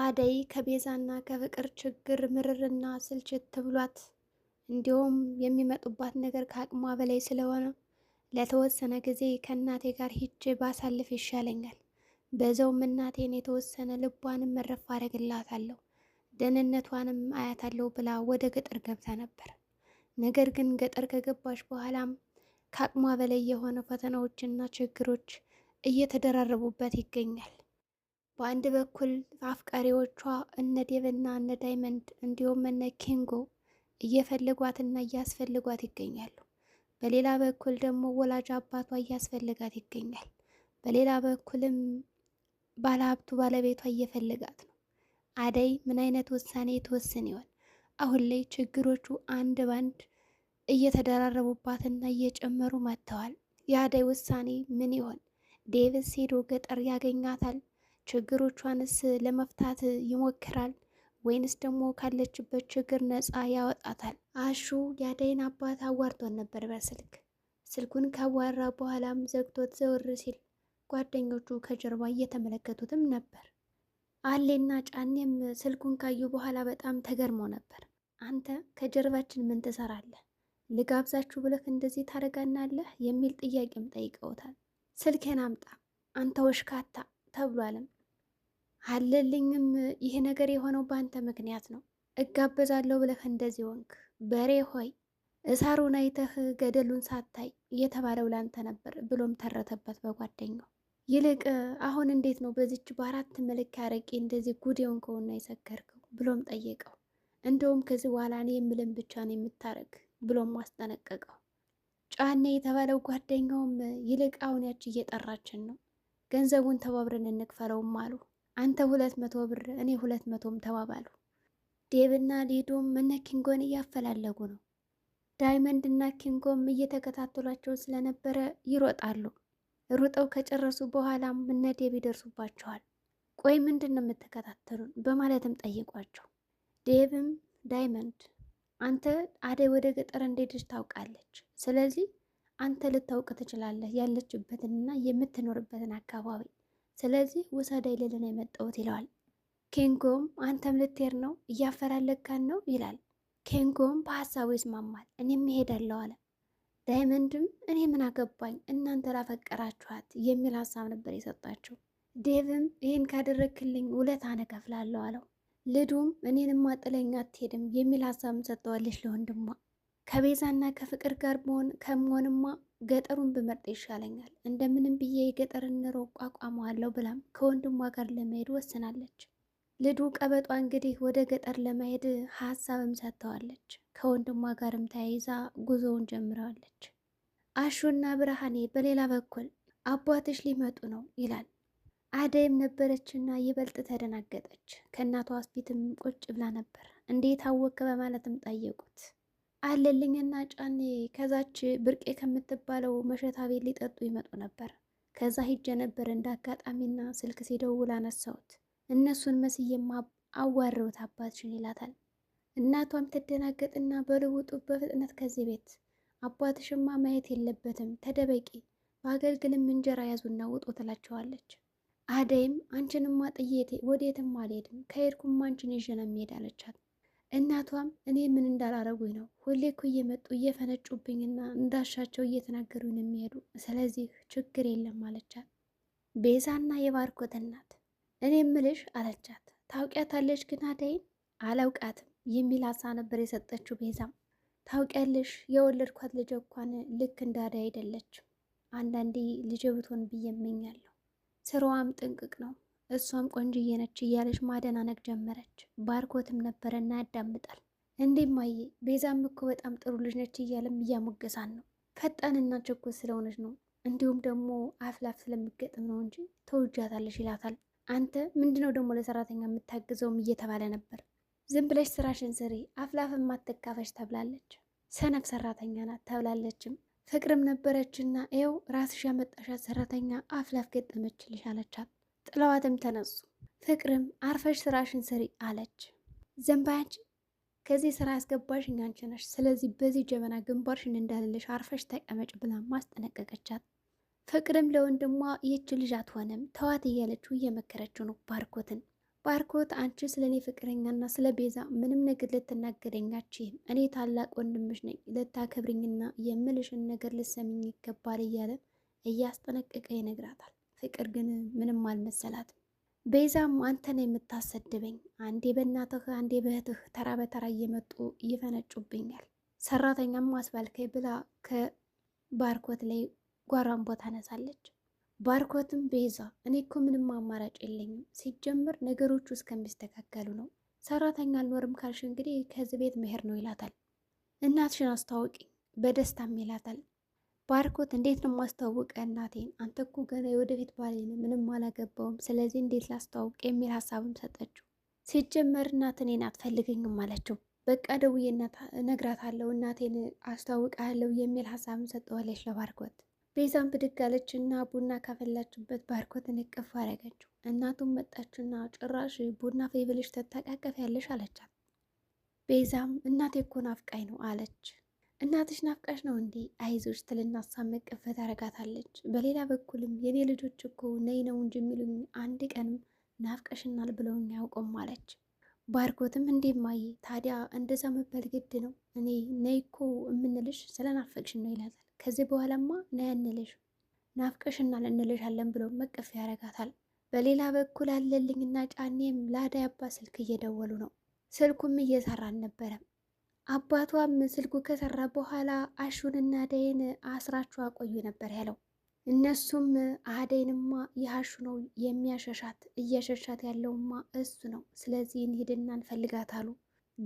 አደይ ከቤዛና ከፍቅር ችግር ምርርና ስልችት ብሏት እንዲሁም የሚመጡባት ነገር ከአቅሟ በላይ ስለሆነ ለተወሰነ ጊዜ ከእናቴ ጋር ሂጄ ባሳልፍ ይሻለኛል። በዛውም እናቴን የተወሰነ ልቧንም መረፍ አደርግላታለሁ፣ ደህንነቷንም አያታለሁ ብላ ወደ ገጠር ገብታ ነበር። ነገር ግን ገጠር ከገባች በኋላም ከአቅሟ በላይ የሆነ ፈተናዎችና ችግሮች እየተደራረቡበት ይገኛል። በአንድ በኩል አፍቃሪዎቿ እነ ዴብና እነ ዳይመንድ እንዲሁም እነ ኪንጎ እየፈለጓትና እያስፈልጓት ይገኛሉ። በሌላ በኩል ደግሞ ወላጅ አባቷ እያስፈልጋት ይገኛል። በሌላ በኩልም ባለሀብቱ ባለቤቷ እየፈለጋት ነው። አደይ ምን አይነት ውሳኔ የተወሰን ይሆን? አሁን ላይ ችግሮቹ አንድ ባንድ እየተደራረቡባትና እየጨመሩ መጥተዋል። የአደይ ውሳኔ ምን ይሆን? ዴቭስ ሄዶ ገጠር ያገኛታል ችግሮቿንስ ለመፍታት ይሞክራል ወይንስ ደግሞ ካለችበት ችግር ነፃ ያወጣታል? አሹ ያደይን አባት አዋርቷን ነበር በስልክ ስልኩን ካዋራ በኋላም ዘግቶት ዘወር ሲል ጓደኞቹ ከጀርባ እየተመለከቱትም ነበር። አሌና ጫኔም ስልኩን ካዩ በኋላ በጣም ተገርሞ ነበር። አንተ ከጀርባችን ምን ትሰራለህ? ልጋብዛችሁ ብለህ እንደዚህ ታደርጋናለህ? የሚል ጥያቄም ጠይቀውታል። ስልኬን አምጣ አንተ ወሽካታ ተብሏልም። አለልኝም ይሄ ነገር የሆነው በአንተ ምክንያት ነው። እጋበዛለሁ ብለህ እንደዚህ ወንክ በሬ ሆይ እሳሩን አይተህ ገደሉን ሳታይ እየተባለው ላንተ ነበር ብሎም ተረተበት በጓደኛው። ይልቅ አሁን እንዴት ነው በዚች በአራት መልክ ያረቂ እንደዚህ ጉዴውን ከሆና የሰከርከው ብሎም ጠየቀው። እንደውም ከዚህ በኋላ እኔ የምልም ብቻ ነው የምታረግ ብሎም አስጠነቀቀው። ጫኔ የተባለው ጓደኛውም ይልቅ አሁን ያች እየጠራችን ነው፣ ገንዘቡን ተባብረን እንክፈለውም አሉ። አንተ ሁለት መቶ ብር እኔ ሁለት መቶም ተባባሉ። ዴብና ሊዱም እነ ኪንጎን እያፈላለጉ ነው። ዳይመንድ እና ኪንጎም እየተከታተሏቸው ስለነበረ ይሮጣሉ። ሩጠው ከጨረሱ በኋላም እነ ዴብ ይደርሱባቸዋል። ቆይ ምንድን ነው የምትከታተሉን? በማለትም ጠይቋቸው። ዴብም ዳይመንድ አንተ አደይ ወደ ገጠር እንደሄደች ታውቃለች። ስለዚህ አንተ ልታውቅ ትችላለህ ያለችበትንና የምትኖርበትን አካባቢ ስለዚህ ውሰደኝ ልል የመጣውት የመጣሁት ይለዋል። ኬንጎም አንተም ልትሄድ ነው እያፈላለካን ነው ይላል። ኬንጎም በሀሳቡ ይስማማል። እኔም እሄዳለሁ አለ። ዳይመንድም እኔ ምን አገባኝ እናንተ ላፈቀራችኋት የሚል ሀሳብ ነበር የሰጣቸው። ዴቭም ይህን ካደረግክልኝ ውለታ እከፍልሃለሁ አለው። ልዱም እኔንማ ጥለኝ አትሄድም የሚል ሀሳብም ሰጥተዋለች ለወንድሟ ከቤዛና ከፍቅር ጋር መሆን ከመሆንማ ገጠሩን ብመርጥ ይሻለኛል፣ እንደምንም ብዬ የገጠርን ኑሮ እቋቋመዋለሁ ብላም ከወንድሟ ጋር ለመሄድ ወስናለች። ልዱ ቀበጧ እንግዲህ ወደ ገጠር ለመሄድ ሀሳብም ሰጥተዋለች። ከወንድሟ ጋርም ተያይዛ ጉዞውን ጀምረዋለች። አሹና ብርሃኔ በሌላ በኩል አባትሽ ሊመጡ ነው ይላል። አደይም ነበረችና ይበልጥ ተደናገጠች። ከእናቷ ፊትም ቁጭ ብላ ነበር። እንዴት አወከ በማለትም ጠየቁት። አለልኝና ጫኔ ከዛች ብርቄ ከምትባለው መሸታ ቤት ሊጠጡ ይመጡ ነበር። ከዛ ሂጄ ነበር እንደ አጋጣሚና ስልክ ሲደውል አነሳሁት። እነሱን መስዬማ አዋረውት አባትሽን ይላታል። እናቷም ትደናገጥና በልውጡ በፍጥነት ከዚህ ቤት አባትሽማ ማየት የለበትም ተደበቂ፣ በአገልግልም እንጀራ ያዙና ውጡ ትላቸዋለች። አደይም አንቺንማ ጥዬ ወዴትም አልሄድም፣ ከሄድኩም አንቺን ይዤ ነው የምሄድ አለቻት። እናቷም እኔ ምን እንዳላረጉኝ ነው ሁሌ እኮ እየመጡ እየፈነጩብኝና እንዳሻቸው እየተናገሩኝ የሚሄዱ ስለዚህ ችግር የለም አለቻት። ቤዛና የባርኮት እናት እኔ ምልሽ አለቻት። ታውቂያታለሽ ግን አደይን አላውቃትም የሚል አሳ ነበር የሰጠችው። ቤዛም ታውቂያለሽ የወለድኳት ልጅ እንኳን ልክ እንዳደ አደይ አይደለችም። አንዳንዴ ልጅ ብትሆን ብዬ እመኛለሁ። ስራዋም ጥንቅቅ ነው እሷም ቆንጅዬ ነች እያለች ማደናነቅ ጀመረች። ባርኮትም ነበረና ያዳምጣል። እንዴማዬ ቤዛም እኮ በጣም ጥሩ ልጅ ነች እያለም እያሞገሳን ነው። ፈጣንና ችኩል ስለሆነች ነው እንዲሁም ደግሞ አፍላፍ ስለሚገጥም ነው እንጂ ተውጃታለሽ ይላታል። አንተ ምንድነው ደግሞ ለሰራተኛ የምታግዘውም እየተባለ ነበር። ዝም ብለሽ ስራሽን ስሪ፣ አፍላፍም አትካፈሽ ተብላለች። ሰነፍ ሰራተኛ ናት ተብላለችም። ፍቅርም ነበረችና ይኸው ራስሽ ያመጣሻት ሰራተኛ አፍላፍ ገጠመችልሽ አለቻት። ጥለዋትም ተነሱ። ፍቅርም አርፈሽ ስራሽን ስሪ አለች። ዘንባያች ከዚህ ስራ ያስገባሽ እኛንቺ ነሽ፣ ስለዚህ በዚህ ጀበና ግንባርሽን እንዳልልሽ አርፈሽ ተቀመጭ ብላ ማስጠነቀቀቻት። ፍቅርም ለወንድሟ ይህች ልጅ አትሆንም ተዋት እያለችው እየመከረችው ነው ባርኮትን። ባርኮት አንቺ ስለ እኔ ፍቅረኛና ስለ ቤዛ ምንም ነገር ልትናገረኛችም፣ እኔ ታላቅ ወንድምሽ ነኝ፣ ልታከብርኝና የምልሽን ነገር ልሰምኝ ይገባል እያለ እያስጠነቀቀ ይነግራታል። ፍቅር ግን ምንም አልመሰላትም። ቤዛም ነው የምታሰድበኝ አንዴ በእናትህ አንዴ በእህትህ ተራ በተራ እየመጡ ይፈነጩብኛል፣ ሰራተኛም አስባልከኝ ብላ ከባርኮት ላይ ጓሯን ቦታ ነሳለች። ባርኮትም ቤዛ እኔ እኮ ምንም አማራጭ የለኝም፣ ሲጀምር ነገሮቹ እስከሚስተካከሉ ነው። ሰራተኛ አልኖርም ካልሽ እንግዲህ ከዚህ ቤት መሄድ ነው ይላታል። እናትሽን አስታውቂ በደስታም ይላታል። ባርኮት እንዴት ነው ማስተዋወቀ? እናቴን አንተ እኮ ገና የወደፊት ባሌ ነው፣ ምንም አላገባውም፣ ስለዚህ እንዴት ላስተዋውቅ የሚል ሀሳብም ሰጠችው። ሲጀመር እናት እኔን አትፈልገኝም አለችው። በቃ ደውዬ እነግራታለሁ፣ እናቴን አስተዋውቃለሁ የሚል ሀሳብም ሰጠዋለች ለባርኮት። ቤዛም ብድግ አለች እና ቡና ካፈላችበት ባርኮትን እቅፍ አደረገችው። እናቱም መጣችና ጭራሽ ቡና ፌብልሽ ትታቃቀፍ ያለሽ አለቻት። ቤዛም እናቴ እኮ ናፍቃኝ ነው አለች። እናትሽ ናፍቃሽ ነው እንዴ? አይዞሽ ትልና ሳመቅ እፈት በሌላ በኩልም የኔ ልጆች እኮ ነይ ነው እንጂ የሚሉኝ አንድ ቀንም ናፍቀሽናል ብለውኝ አያውቁም አለች። ባርኮትም እንዴ ማየ፣ ታዲያ እንደዛ መባል ግድ ነው? እኔ ነይ እኮ የምንልሽ ስለናፈቅሽን ነው ይላታል። ከዚህ በኋላማ ነይ አንልሽ ናፍቀሽናል እንልሻለን ብሎ መቀፍ ያረጋታል። በሌላ በኩል አለልኝና ጫኔም ለአዳይ አባ ስልክ እየደወሉ ነው። ስልኩም እየሰራ አልነበረም። አባቷም ስልኩ ከሰራ በኋላ አሹንና አደይን አስራችሁ አቆዩ ነበር ያለው። እነሱም አደይንማ የሀሹ ነው የሚያሸሻት፣ እየሸሻት ያለውማ እሱ ነው። ስለዚህ እንሂድና እንፈልጋት አሉ።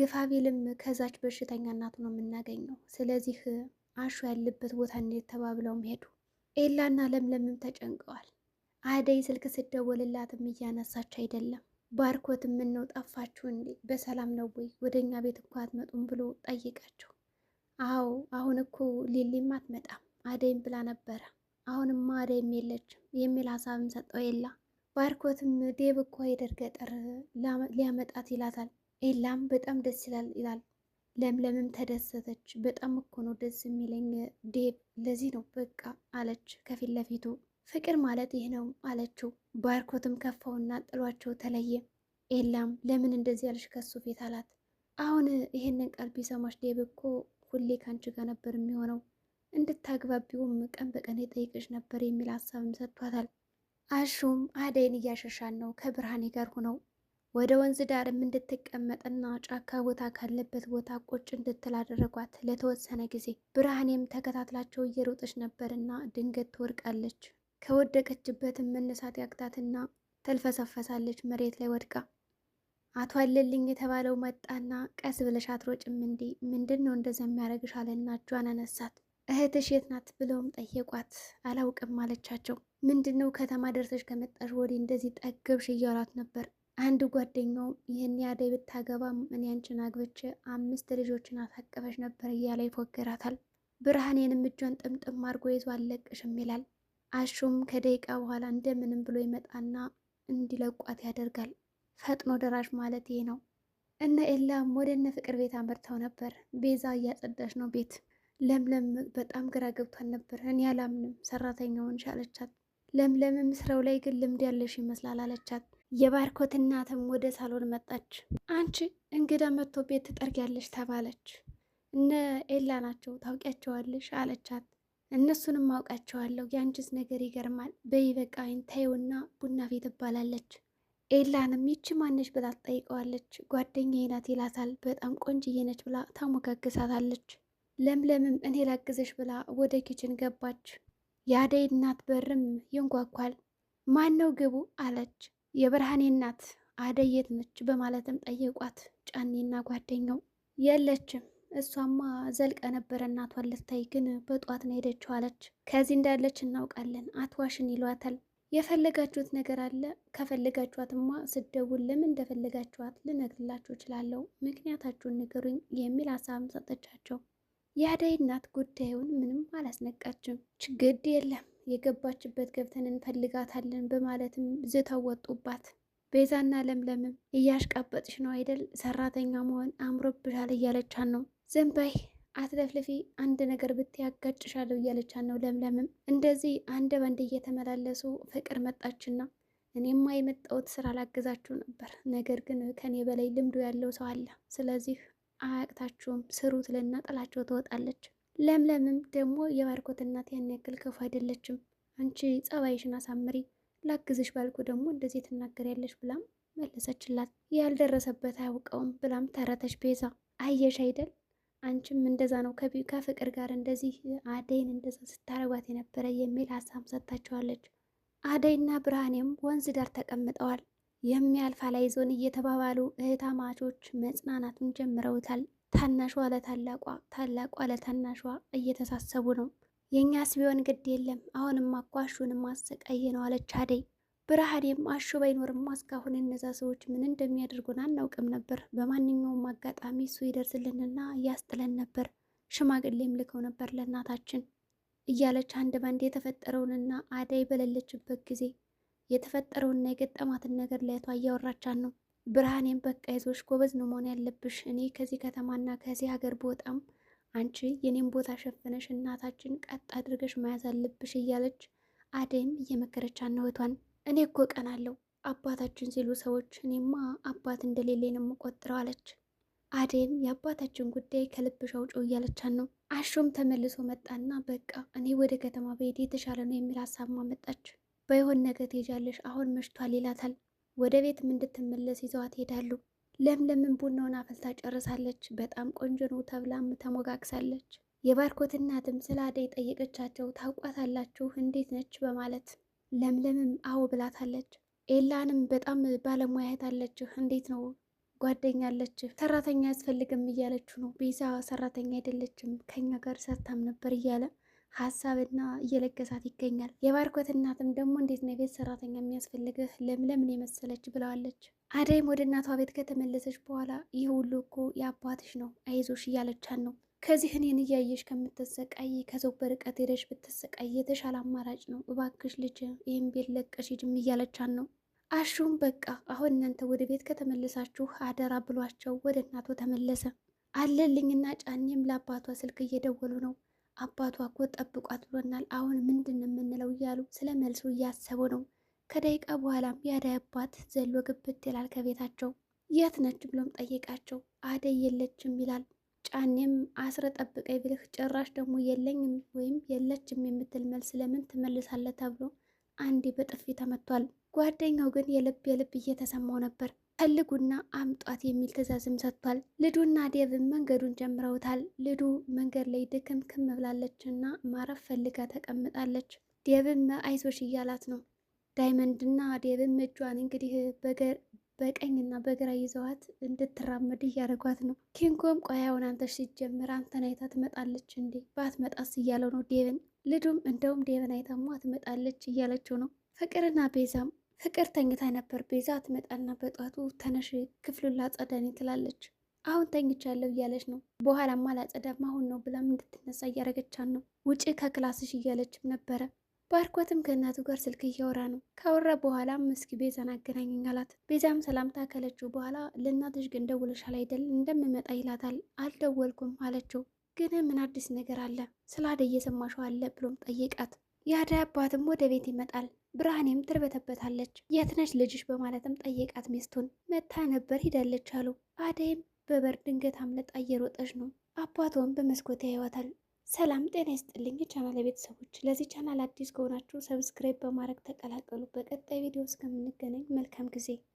ግፋ ቢልም ከዛች በሽተኛ እናቱ ነው የምናገኘው። ስለዚህ አሹ ያለበት ቦታ እንዴት ተባብለውም ሄዱ። ኤላና ለምለምም ተጨንቀዋል። አደይ ስልክ ስደወልላትም እያነሳች አይደለም። ባርኮት የምነው ጠፋችሁ እንዴ? በሰላም ነው ወይ? ወደ እኛ ቤት እኮ አትመጡም ብሎ ጠይቃቸው። አዎ አሁን እኮ ሊሊም አትመጣም አደይም ብላ ነበረ። አሁንማ አደይም የለችም የሚል ሀሳብም ሰጠው ኤላ። ባርኮትም ዴብ እኮ ሄደር ገጠር ሊያመጣት ይላታል። ኤላም በጣም ደስ ይላል ይላል። ለምለምም ተደሰተች። በጣም እኮ ነው ደስ የሚለኝ ዴብ፣ ለዚህ ነው በቃ አለች ከፊት ለፊቱ ፍቅር ማለት ይህ ነው አለችው። ባርኮትም ከፋውና ጥሏቸው ተለየ። ኤላም ለምን እንደዚህ ያልሽ ከሱ ፊት አላት። አሁን ይህንን ቃል ቢሰማሽ ዴብ እኮ ሁሌ ከአንቺ ጋር ነበር የሚሆነው እንድታግባቢውም ቀን በቀን የጠይቅሽ ነበር የሚል ሀሳብም ሰጥቷታል። አሹም አደይን እያሸሻን ነው ከብርሃኔ ጋር ሆነው ወደ ወንዝ ዳርም እንድትቀመጥና ጫካ ቦታ ካለበት ቦታ ቁጭ እንድትል አደረጓት ለተወሰነ ጊዜ። ብርሃኔም ተከታትላቸው እየሮጠች ነበርና ድንገት ትወድቃለች። ከወደቀችበትም መነሳት ያቅታትና ተልፈሰፈሳለች መሬት ላይ ወድቃ። አቶ አለልኝ የተባለው መጣና ቀስ ብለሽ አትሮጭም እንዲ ምንድን ነው እንደዚያ የሚያደርግሽ አለና እጇን አነሳት። እህትሽ የት ናት ብለውም ጠየቋት። አላውቅም አለቻቸው። ምንድን ነው ከተማ ደርሰሽ ከመጣሽ ወዲህ እንደዚህ ጠገብሽ እያሏት ነበር። አንድ ጓደኛው ይህን ያደይ ብታገባ እኔ አንቺን አግብቼ አምስት ልጆችን አሳቅፈሽ ነበር እያለ ይፎገራታል። ብርሃኔንም እጇን ጥምጥም አድርጎ ይዞ አለቅሽም ይላል። አሹም ከደቂቃ በኋላ እንደምንም ብሎ ይመጣና እንዲለቋት ያደርጋል። ፈጥኖ ደራሽ ማለት ይሄ ነው። እነ ኤላም ወደ እነ ፍቅር ቤት አመርተው ነበር። ቤዛ እያጸዳች ነው ቤት። ለምለም በጣም ግራ ገብቷል ነበር። እኔ አላምንም ሰራተኛውን ሻለቻት። ለምለምም ስራው ላይ ግን ልምድ ያለሽ ይመስላል አለቻት። የባርኮት እናትም ወደ ሳሎን መጣች። አንቺ እንግዳ መጥቶ ቤት ትጠርጊያለሽ ተባለች። እነ ኤላ ናቸው ታውቂያቸዋለሽ አለቻት። እነሱንም አውቃቸዋለሁ። የአንቺስ ነገር ይገርማል። በይ በቃ አይን ታየውና ቡና ቤት ትባላለች። ኤላንም ይቺ ማነች ብላ ትጠይቀዋለች። ጓደኛዬ ናት ይላታል። በጣም ቆንጅዬ ነች ብላ ታሞጋግሳታለች። ለምለምም እኔ ላግዘሽ ብላ ወደ ኪችን ገባች። የአደይ እናት በርም ይንኳኳል። ማን ነው ግቡ አለች። የብርሃኔ እናት አደይ የት ነች በማለትም ጠየቋት። ጫኔና ጓደኛው የለችም እሷማ ዘልቀ ነበረ እናቷን ልታይ፣ ግን በጧት ነው ሄደችው አለች። ከዚህ እንዳለች እናውቃለን፣ አትዋሽን ይሏታል። የፈለጋችሁት ነገር አለ። ከፈለጋችኋትማ ስደውል ለምን እንደፈለጋችኋት ልነግርላችሁ እችላለሁ፣ ምክንያታችሁን ንገሩኝ የሚል ሀሳብም ሰጠቻቸው። የአደይ እናት ጉዳዩን ምንም አላስነቃችም። ችግድ የለም የገባችበት ገብተን እንፈልጋታለን በማለትም ዝተው ወጡባት። ቤዛና ለምለምም እያሽቃበጥሽ ነው አይደል ሰራተኛ መሆን አምሮብሻል እያለቻን ነው ዝም በይ አትለፍልፊ፣ አንድ ነገር ብትያጋጭሻለሁ እያለቻት ነው። ለምለምም እንደዚህ አንድ በአንድ እየተመላለሱ ፍቅር መጣችና እኔማ የመጣሁት ስራ ላግዛችሁ ነበር፣ ነገር ግን ከኔ በላይ ልምዱ ያለው ሰው አለ፣ ስለዚህ አያቅታችሁም ስሩ ትልና ጥላቸው ትወጣለች። ለምለምም ደግሞ የባርኮት እናት ያን ያክል ክፉ አይደለችም፣ አንቺ ጸባይሽን አሳምሪ፣ ላግዝሽ ባልኩ ደግሞ እንደዚህ ትናገሪያለሽ ብላም መለሰችላት። ያልደረሰበት አያውቀውም ብላም ተረተች ቤዛ። አየሽ አይደል አንቺም እንደዛ ነው ከፍቅር ጋር እንደዚህ አደይን እንደዛ ስታረጓት የነበረ የሚል ሀሳብ ሰጥታቸዋለች። አደይና ብርሃኔም ወንዝ ዳር ተቀምጠዋል። ላይ ዞን እየተባባሉ እህታማቾች መጽናናቱን ጀምረውታል። ታናሿ ለታላቋ፣ ታላቋ ለታናሿ እየተሳሰቡ ነው። የእኛስ ቢሆን ግድ የለም አሁንም አኳሹንም አሰቃየ ነው አለች አደይ። ብርሃኔም አሹ ባይኖርማ እስካሁን እነዛ ሰዎች ምን እንደሚያደርጉን አናውቅም ነበር። በማንኛውም አጋጣሚ እሱ ይደርስልንና ያስጥለን ነበር። ሽማግሌም ልከው ነበር ለእናታችን እያለች አንድ ባንድ የተፈጠረውንና አዳይ በሌለችበት ጊዜ የተፈጠረውንና የገጠማትን ነገር ለቷ እያወራቻን ነው። ብርሃኔም በቃ ይዞሽ ጎበዝ ነው መሆን ያለብሽ። እኔ ከዚህ ከተማና ከዚህ ሀገር በወጣም አንቺ የኔም ቦታ ሸፍነሽ እናታችን ቀጥ አድርገሽ መያዝ አለብሽ እያለች አደይም እየመከረቻን ነው እህቷን እኔ እኮ ቀናለሁ አባታችን ሲሉ ሰዎች እኔማ አባት እንደሌለኝ ነው የምቆጥረው አለች። አዴም የአባታችን ጉዳይ ከልብሽ አውጪው እያለቻን ነው። አሹም ተመልሶ መጣና በቃ እኔ ወደ ከተማ በሄድ የተሻለ ነው የሚል ሀሳብ ማመጣች። በይሆን ነገ ትሄጃለሽ አሁን መሽቷል ይላታል። ወደ ቤትም እንድትመለስ ይዘዋት ሄዳሉ። ለምለምን ቡናውን አፈልታ ጨርሳለች። በጣም ቆንጆ ነው ተብላም ተሞጋግሳለች። የባርኮት እናትም ስለ አደይ ጠየቀቻቸው። ታውቋታላችሁ እንዴት ነች በማለት ለምለምም አዎ ብላታለች። ኤላንም በጣም ባለሙያ አለችህ፣ እንዴት ነው ጓደኛ አለችህ፣ ሰራተኛ አያስፈልግም እያለችው ነው። ቤዛ ሰራተኛ አይደለችም ከኛ ጋር ሰርታም ነበር እያለ ሀሳብና እየለገሳት ይገኛል። የባርኮት እናትም ደግሞ እንዴት ነው የቤት ሰራተኛ የሚያስፈልግህ ለምለምን የመሰለች ብለዋለች። አደይም ወደ እናቷ ቤት ከተመለሰች በኋላ ይህ ሁሉ እኮ የአባትሽ ነው አይዞሽ እያለቻን ነው ከዚህ እኔን እያየሽ ከምትሰቃይ ከሰው በርቀት ሄደሽ ብትሰቃይ የተሻለ አማራጭ ነው። እባክሽ ልጅ ይህን ቤት ለቀሽ ሂጂም እያለቻን ነው። አሹም በቃ አሁን እናንተ ወደ ቤት ከተመለሳችሁ አደራ ብሏቸው ወደ እናቶ ተመለሰ። አለልኝና ጫኔም ለአባቷ ስልክ እየደወሉ ነው። አባቷ እኮ ጠብቋት ብሎናል፣ አሁን ምንድን የምንለው እያሉ ስለ መልሱ እያሰቡ ነው። ከደቂቃ በኋላም የአዳይ አባት ዘሎ ግብት ይላል ከቤታቸው። የት ነች ብሎም ጠየቃቸው። አደይ የለችም ይላል። ጫኔም አስረ ጠብቀኝ ብልህ ጭራሽ ደግሞ የለኝም ወይም የለችም የምትል መልስ ለምን ትመልሳለህ ተብሎ አንዴ በጥፊ ተመቷል። ጓደኛው ግን የልብ የልብ እየተሰማው ነበር። ፈልጉና አምጧት የሚል ትዕዛዝም ሰጥቷል። ልዱና ዴቭም መንገዱን ጀምረውታል። ልዱ መንገድ ላይ ድክም ክም ብላለች እና ማረፍ ፈልጋ ተቀምጣለች። ዴቭም አይዞሽ እያላት ነው። ዳይመንድና ዴቭም እጇን እንግዲህ በቀኝና በግራ ይዘዋት እንድትራመድ እያደረጓት ነው። ኪንጎም ቆያውን አንተሽ ሲጀምር አንተን አይታ ትመጣለች እንዴ ባትመጣስ እያለው ነው ዴቨን ልዱም እንደውም ዴቨን አይታማ ትመጣለች እያለችው ነው። ፍቅርና ቤዛም ፍቅር ተኝታ ነበር። ቤዛ ትመጣና በጧቱ ተነሽ ክፍሉን ላጸዳኒ ትላለች። አሁን ተኝቻለሁ እያለች ነው። በኋላማ ላጸዳም አሁን ነው ብላም እንድትነሳ እያደረገቻት ነው። ውጪ ከክላስሽ እያለችም ነበረ። ባርኮትም ከእናቱ ጋር ስልክ እያወራ ነው። ካወራ በኋላም እስኪ ቤዛን አገናኘኝ አላት። ቤዛም ሰላምታ ከለችው በኋላ ለእናትሽ ግን ደውለሻል አይደል እንደምመጣ ይላታል። አልደወልኩም አለችው። ግን ምን አዲስ ነገር አለ ስለ አደይ እየሰማሽው አለ ብሎም ጠየቃት። የአደይ አባትም ወደ ቤት ይመጣል። ብርሃኔም ትርበተበታለች። የት ነች ልጅሽ በማለትም ጠየቃት። ሚስቱን መታ ነበር ሂዳለች አሉ። አደይም በበር ድንገት አምለጣ እየሮጠች ነው። አባቷም በመስኮት ያይዋታል። ሰላም ጤና ይስጥልኝ የቻናል ቤተሰቦች፣ ለዚህ ቻናል አዲስ ከሆናችሁ ሰብስክራይብ በማድረግ ተቀላቀሉ። በቀጣይ ቪዲዮ እስከምንገናኝ መልካም ጊዜ